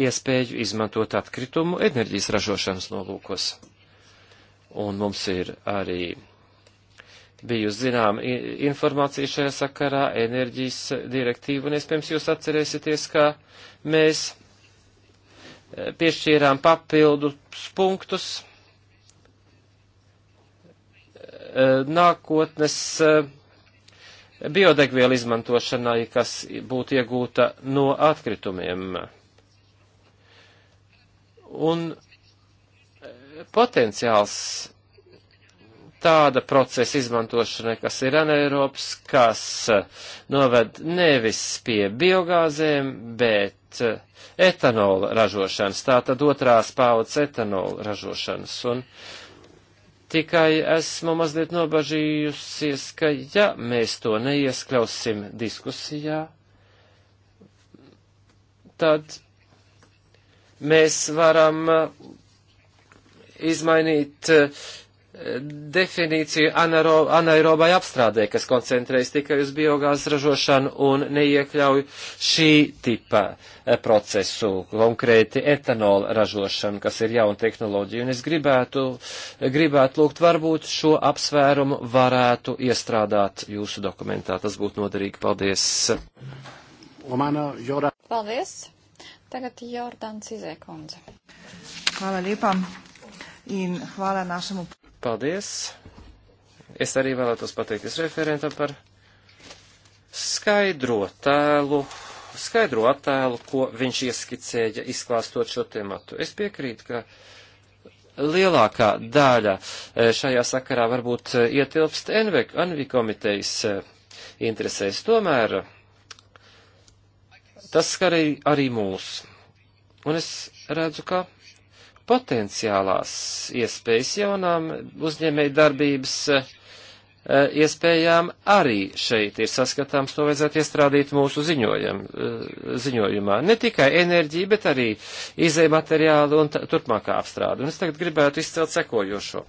iespēju izmantot atkritumu enerģijas ražošanas nolūkos. Un mums ir arī bijusi zinām informācija šajā sakarā, enerģijas direktīva, un iespējams jūs atcerēsieties, kā mēs e, piešķīrām papildus punktus e, nākotnes e, biodegvielu izmantošanai, kas būtu iegūta no atkritumiem. Un potenciāls tāda procesa izmantošanai, kas ir aneirops, kas eh, noved nevis pie biogāzēm, bet eh, etanola ražošanas, tātad otrās paudzes etanola ražošanas. Un tikai esmu mazliet nobažījusies, ka ja mēs to neieskļausim diskusijā, tad mēs varam eh, izmainīt uh, definīciju anaero, anaerobai apstrādē, kas koncentrējas tikai uz biogāzes ražošanu un neiekļauj šī tipa eh, procesu, konkrēti etanola ražošanu, kas ir jauna tehnoloģija. Un es gribētu, gribētu lūgt, varbūt šo apsvērumu varētu iestrādāt jūsu dokumentā. Tas būtu noderīgi. Paldies. Paldies. Tagad Jordāns Izēkundze. Hvala lijepa in hvala našemu Paldies! Es arī vēlētos pateikties referentam par skaidro tēlu, skaidro attēlu, ko viņš ieskicēja, izklāstot šo tematu. Es piekrītu, ka lielākā daļa e, šajā sakarā varbūt e, ietilpst NV, NV komitejas e, interesēs. Tomēr tas skar arī, arī mūs. Un es redzu, ka potenciālās iespējas jaunām uzņēmēju darbības e, iespējām arī šeit ir saskatāms, to vajadzētu iestrādīt mūsu ziņojam, e, ziņojumā. Ne tikai enerģija, bet arī izēja materiāli un turpmākā apstrāde. Un es tagad gribētu izcelt sekojošo.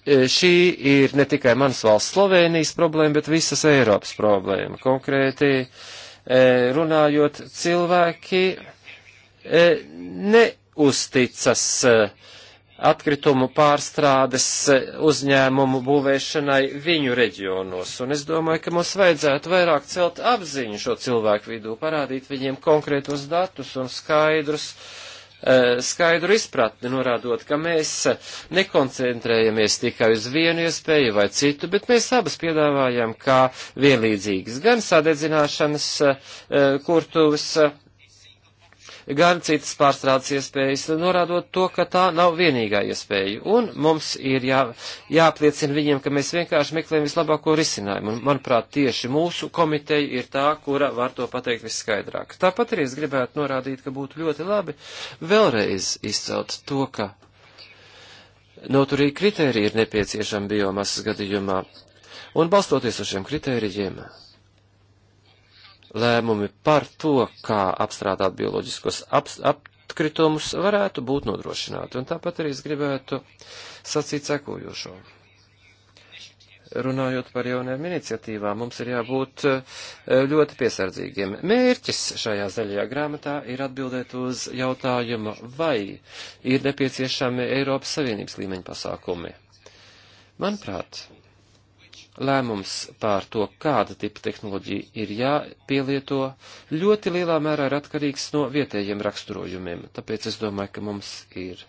E, šī ir ne tikai manas valsts Slovenijas problēma, bet visas Eiropas problēma. Konkrēti runājot, cilvēki E, neusticas e, atkritumu pārstrādes e, uzņēmumu būvēšanai viņu reģionos. Un es domāju, ka mums vajadzētu vairāk celt apziņu šo cilvēku vidū, parādīt viņiem konkrētos datus un skaidrus, skaidru izpratni, norādot, ka mēs nekoncentrējamies tikai uz vienu iespēju vai citu, bet mēs abas piedāvājam kā vienlīdzīgas gan sadedzināšanas kurtuves gan citas pārstrādes iespējas, norādot to, ka tā nav vienīgā iespēja. Un mums ir jā, jāpliecina viņiem, ka mēs vienkārši meklējam vislabāko risinājumu. Un, manuprāt, tieši mūsu komiteja ir tā, kura var to pateikt visskaidrāk. Tāpat arī es gribētu norādīt, ka būtu ļoti labi vēlreiz izcelt to, ka noturīgi kritēriji ir nepieciešami biomasas gadījumā. Un balstoties uz šiem kritērijiem, lēmumi par to, kā apstrādāt bioloģiskos ap, apkritumus, varētu būt nodrošināti. Un tāpat arī es gribētu sacīt sekojošo. Runājot par jaunajām iniciatīvām, mums ir jābūt e, ļoti piesardzīgiem. Mērķis šajā zaļajā grāmatā ir atbildēt uz jautājumu, vai ir nepieciešami Eiropas Savienības līmeņa pasākumi. Manuprāt, lēmums pār to, kāda tipa tehnoloģija ir jāpielieto, ļoti lielā mērā ir atkarīgs no vietējiem raksturojumiem. Tāpēc es domāju, ka mums ir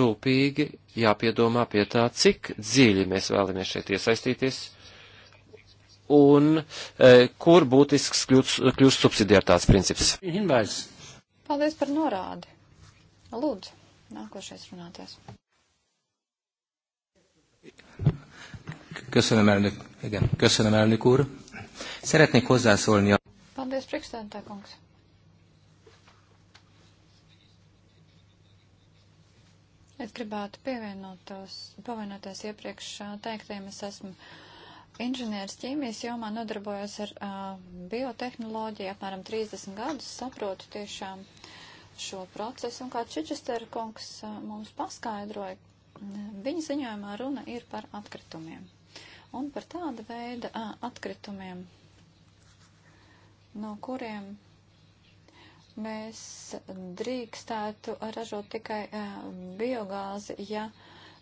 rūpīgi jāpiedomā pie tā, cik dziļi mēs vēlamies šeit iesaistīties un e, kur būtisks kļūst, kļūst subsidiartāts princips. Paldies par norādi. Lūdzu, nākošais runātājs. Köszönöm, elnök, igen, köszönöm, elnök úr. Szeretnék hozzászólni a... Paldies, priekšstādā kungs. Es gribētu pievienoties iepriekš teiktiem. Es esmu inženieris ķīmijas jomā, nodarbojos ar uh, biotehnoloģiju apmēram 30 gadus, saprotu tiešām šo procesu. Un kā Čičestera kungs uh, mums paskaidroja, viņa ziņojumā runa ir par atkritumiem un par tāda veida atkritumiem, no kuriem mēs drīkstētu ražot tikai biogāzi, ja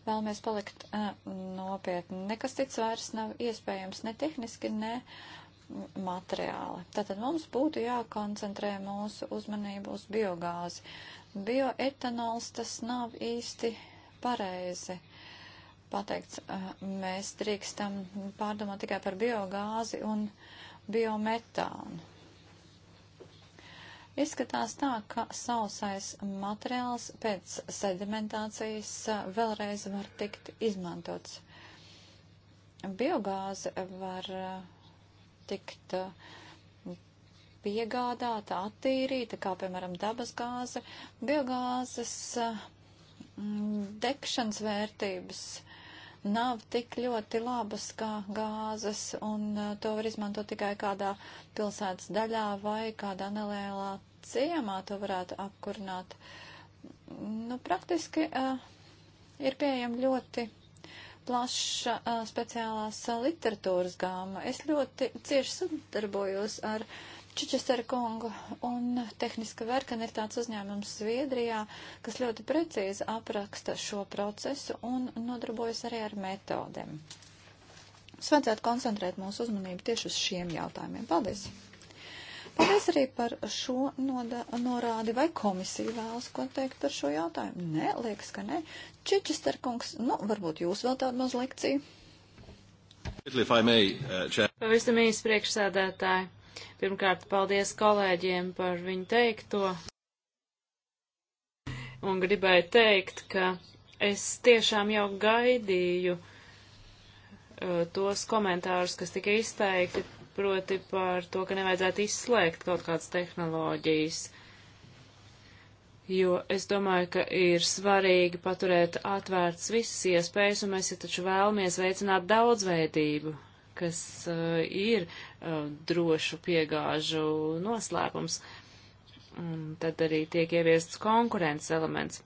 vēlamies palikt nopietni. Nekas cits vairs nav iespējams ne tehniski, ne materiāli. Tātad mums būtu jākoncentrē mūsu uzmanību uz biogāzi. Bioetanols tas nav īsti pareizi pateikts, mēs drīkstam pārdomāt tikai par biogāzi un biometānu. Izskatās tā, ka sausais materiāls pēc sedimentācijas vēlreiz var tikt izmantots. Biogāze var tikt piegādāta, attīrīta, kā piemēram dabas gāze. Biogāzes degšanas vērtības uh, nav tik ļoti labas kā gāzes, un uh, to var izmantot tikai kādā pilsētas daļā vai kādā nelielā ciemā to varētu apkurināt. Nu, praktiski uh, ir pieejama ļoti plaša uh, speciālās uh, literatūras gāma. Es ļoti cieši sadarbojos ar uh, Čičestera kungu un tehniska verkana ir tāds uzņēmums Zviedrijā, kas ļoti precīzi apraksta šo procesu un nodarbojas arī ar metodēm. Mums vajadzētu koncentrēt mūsu uzmanību tieši uz šiem jautājumiem. Paldies! Paldies arī par šo noda, norādi, vai komisija vēlas ko teikt par šo jautājumu. Nē, liekas, ka nē. Čičester kungs, nu, varbūt jūs vēl tādu maz lekciju. Uh, Pavisam īsi priekšsēdētāji. Pirmkārt, paldies kolēģiem par viņu teikto. Un gribēju teikt, ka es tiešām jau gaidīju uh, tos komentārus, kas tika izteikti, proti par to, ka nevajadzētu izslēgt kaut kādas tehnoloģijas. Jo es domāju, ka ir svarīgi paturēt atvērts visas iespējas, un mēs ja taču vēlamies veicināt daudzveidību kas uh, ir uh, drošu piegāžu noslēpums. Un mm, tad arī tiek ieviests konkurences elements.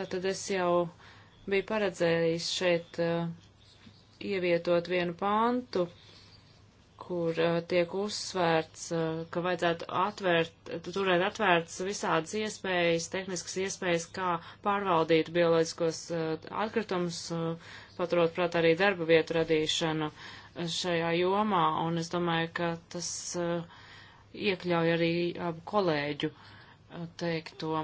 Tātad es jau biju paredzējis šeit uh, ievietot vienu pantu, kur uh, tiek uzsvērts, uh, ka vajadzētu atvērt, turēt atvērts visādas iespējas, tehniskas iespējas, kā pārvaldīt bioloģiskos uh, atkritumus, paturot prāt arī darba vietu radīšanu, šajā jomā, un es domāju, ka tas eh, iekļauj arī abu kolēģu eh, teikto.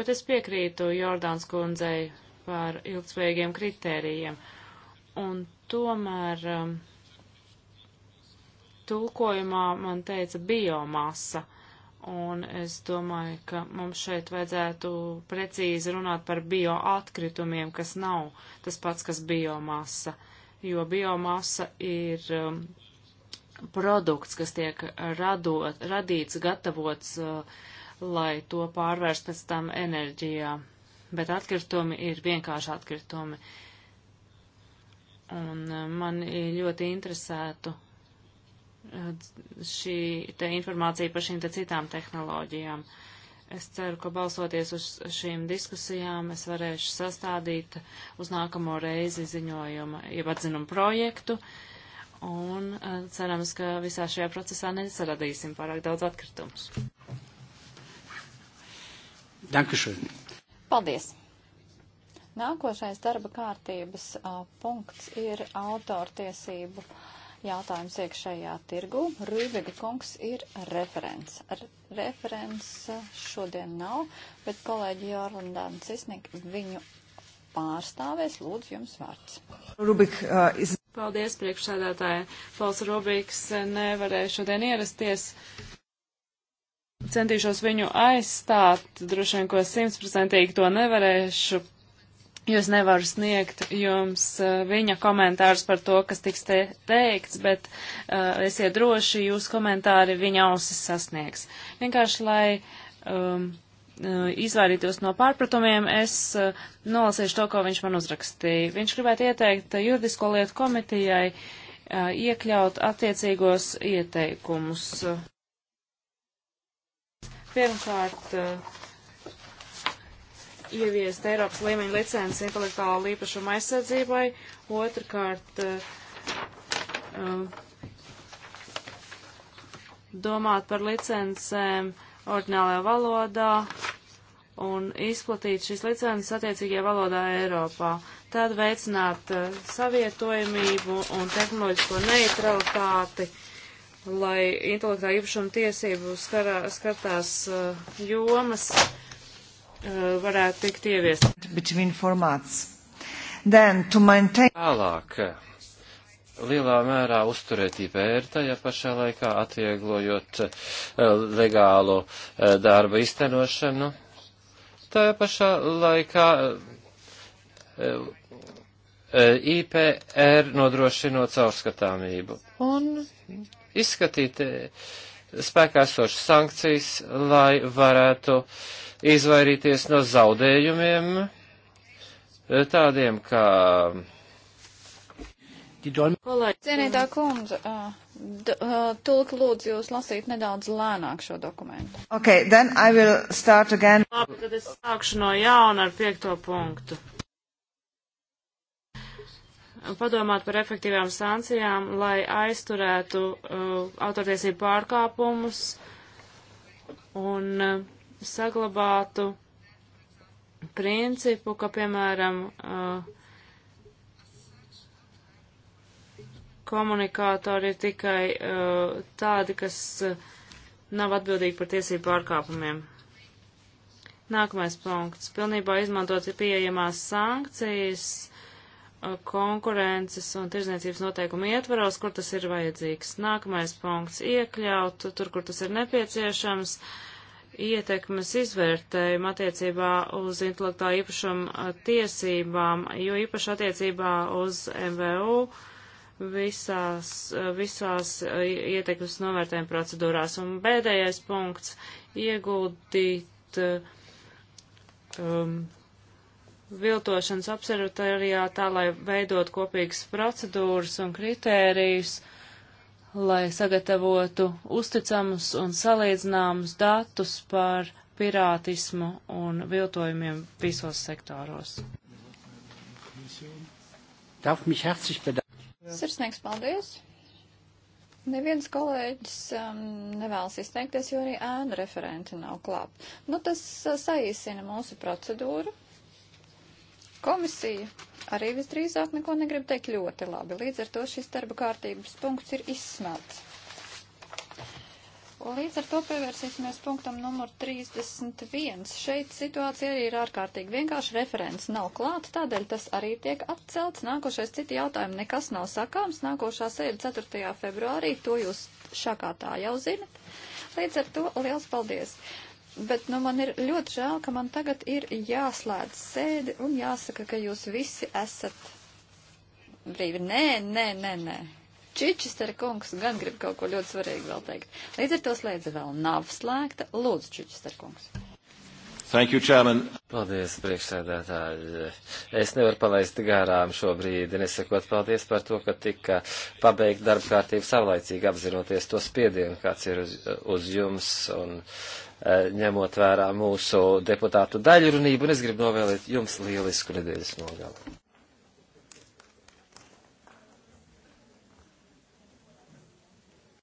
Bet es piekrītu Jordāns kundzei par ilgspējīgiem kritērijiem, un tomēr um, tulkojumā man teica biomasa un es domāju, ka mums šeit vajadzētu precīzi runāt par bioatkritumiem, kas nav tas pats, kas biomasa, jo biomasa ir um, produkts, kas tiek radot, radīts, gatavots, uh, lai to pārvērst pēc tam enerģijā, bet atkritumi ir vienkārši atkritumi. Un uh, man ļoti interesētu šī te informācija par šīm te citām tehnoloģijām. Es ceru, ka balsoties uz šīm diskusijām, es varēšu sastādīt uz nākamo reizi ziņojumu, jeb atzinumu projektu, un e, cerams, ka visā šajā procesā nesaradīsim pārāk daudz atkritumus. Dankušan. Paldies! Nākošais darba kārtības uh, punkts ir autortiesību. Uh, jautājums iekšējā tirgu. Rūvega kungs ir referents. Referents uh, šodien nav, bet kolēģi Jorlandāna Cisnik viņu pārstāvēs. Lūdzu, jums vārds. Rubik, uh, iz... Paldies, priekšsēdētāji. Pols Rubiks uh, nevarēja šodien ierasties. Centīšos viņu aizstāt, droši vien, ko simtprocentīgi to nevarēšu jo es nevaru sniegt jums eh, viņa komentārus par to, kas tiks te teikts, bet uh, esiet droši, jūs komentāri viņa ausis sasniegs. Vienkārši, lai um, eh, izvairītos no pārpratumiem, es uh, nolasīšu to, ko viņš man uzrakstīja. Viņš gribētu ieteikt juridisko lietu komitijai uh, iekļaut attiecīgos ieteikumus. Pirmkārt, uh, ieviest Eiropas līmeņa licences intelektuālu īpašumu aizsardzībai, otrkārt eh, eh, domāt par licencēm ordinālajā valodā un izplatīt šīs licences attiecīgajā valodā Eiropā. Tad veicināt eh, savietojamību un tehnoloģisko neutralitāti lai intelektā īpašuma tiesību skarā, skartās uh, jomas Uh, varētu tikt ieviest. Maintain... Tālāk, lielā mērā uzturēt IPR, tajā pašā laikā atvieglojot uh, legālu uh, darba iztenošanu, tajā pašā laikā IPR nodrošinot caurskatāmību un izskatīt spēkā esošas sankcijas, lai varētu uh, izvairīties no zaudējumiem eh, tādiem kā. Cienītā kundze, tulk lūdzu jūs lasīt nedaudz lēnāk šo dokumentu. Ok, then I will start again. Labi, tad es sākšu no jauna ar piekto punktu. Padomāt par efektīvām sankcijām, lai aizturētu uh, autortiesību pārkāpumus un uh, saglabātu principu, ka, piemēram, komunikātori ir tikai tādi, kas nav atbildīgi par tiesību pārkāpumiem. Nākamais punkts. Pilnībā izmantot pieejamās sankcijas konkurences un tirzniecības noteikumu ietvaros, kur tas ir vajadzīgs. Nākamais punkts. Iekļaut tur, kur tas ir nepieciešams. Uh, ietekmes izvērtējumu attiecībā uz intelektuālā īpašuma tiesībām, jo īpaši attiecībā uz MVU visās, visās ietekmes novērtējuma procedūrās. Un pēdējais punkts - ieguldīt um, viltošanas observatorijā tā, lai veidot kopīgas procedūras un kritērijus. Uh, lai sagatavotu uzticamus un salīdzināmus datus par pirātismu un viltojumiem visos sektoros. Sirsnīgs paldies! Neviens kolēģis um, nevēlas izteikties, jo arī ēna referenti nav klāt. Nu, tas uh, saīsina mūsu procedūru. Komisija arī visdrīzāk neko negrib teikt ļoti labi. Līdz ar to šis darba kārtības punkts ir izsmelts. Līdz ar to pievērsīsimies punktam numur 31. Šeit situācija arī ir ārkārtīgi vienkārši. Referents nav klāts, tādēļ tas arī tiek atcelts. Nākošais citi jautājumi nekas nav sakāms. Nākošā sēde 4. februārī, to jūs šakā tā jau zinat. Līdz ar to liels paldies! Bet nu, man ir ļoti žēl, ka man tagad ir jāslēdz sēdi un jāsaka, ka jūs visi esat brīvi. Nē, nē, nē, nē. Čičistera kungs gan grib kaut ko ļoti svarīgu vēl teikt. Līdz ar to slēdze vēl nav slēgta. Lūdzu, Čičistera kungs. Thank you, Chairman. Paldies, priekšsēdētāji. Es nevaru palaist garām šobrīd, nesakot paldies par to, ka tika pabeigt darba kārtību savlaicīgi apzinoties to spiedienu, kāds ir uz, uz jums. Un, uh, Eh, ņemot vērā mūsu deputātu daļrunību, un es gribu novēlēt jums lielisku nedēļas nogalu.